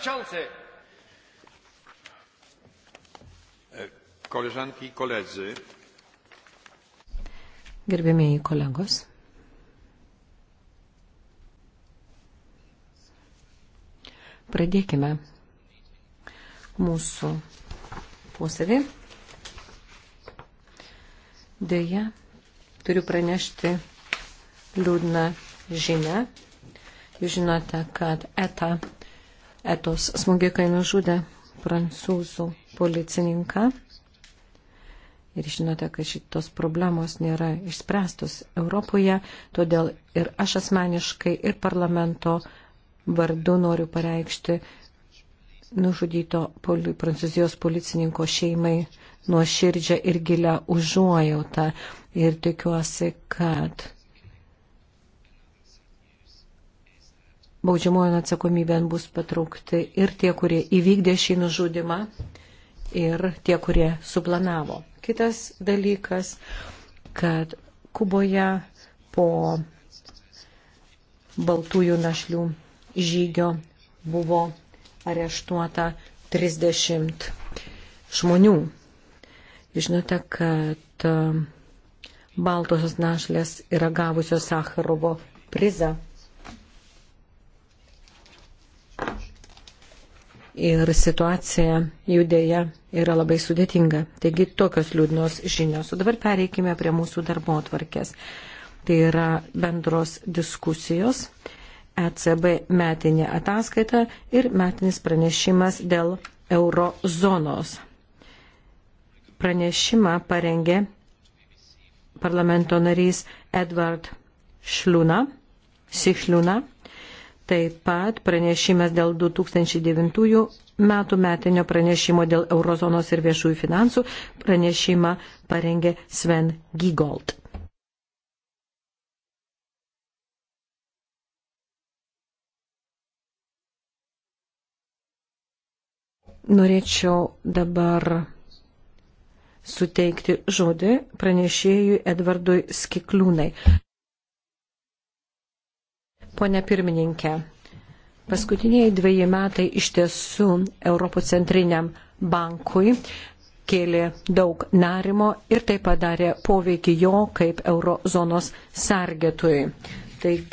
przewodniczący! E, koleżanki i koledzy. Gerbėmėjai kolegos. Pradėkime mūsų posėdį. Deja, turiu pranešti liūdną žinę. Jūs žinote, kad ETA etos smogikai nužudė prancūzų policininką. Ir žinote, kad šitos problemos nėra išspręstos Europoje, todėl ir aš asmeniškai, ir parlamento vardu noriu pareikšti nužudyto poli, prancūzijos policininko šeimai nuoširdžią ir gilę užuojautą. Ir tikiuosi, kad baudžiamojo atsakomybėn bus patraukti ir tie, kurie įvykdė šį nužudimą, ir tie, kurie suplanavo. Kitas dalykas, kad Kuboje po baltųjų našlių žygio buvo areštuota 30 žmonių. Žinote, kad e, baltosios našlės yra gavusios Sakharovo prizą ir situacija jų dėja yra labai sudėtinga. Taigi tokios liūdnos žinios. O dabar pereikime prie mūsų darbo atvarkės. Tai yra bendros diskusijos, ECB metinė ataskaita ir metinis pranešimas dėl eurozonos. Pranešimą parengė parlamento narys Edward Šliūna, Sišliūna Taip pat pranešimas dėl 2009 metų metinio pranešimo dėl eurozonos ir viešųjų finansų pranešimą parengė Sven Gigold. Norėčiau dabar suteikti žodį pranešėjui Edvardui Skikliūnai. Pone pirmininkė, paskutiniai dviejai metai iš tiesų Europos centriniam bankui kėlė daug narimo ir tai padarė poveikį jo kaip eurozonos sargėtui. Taigi,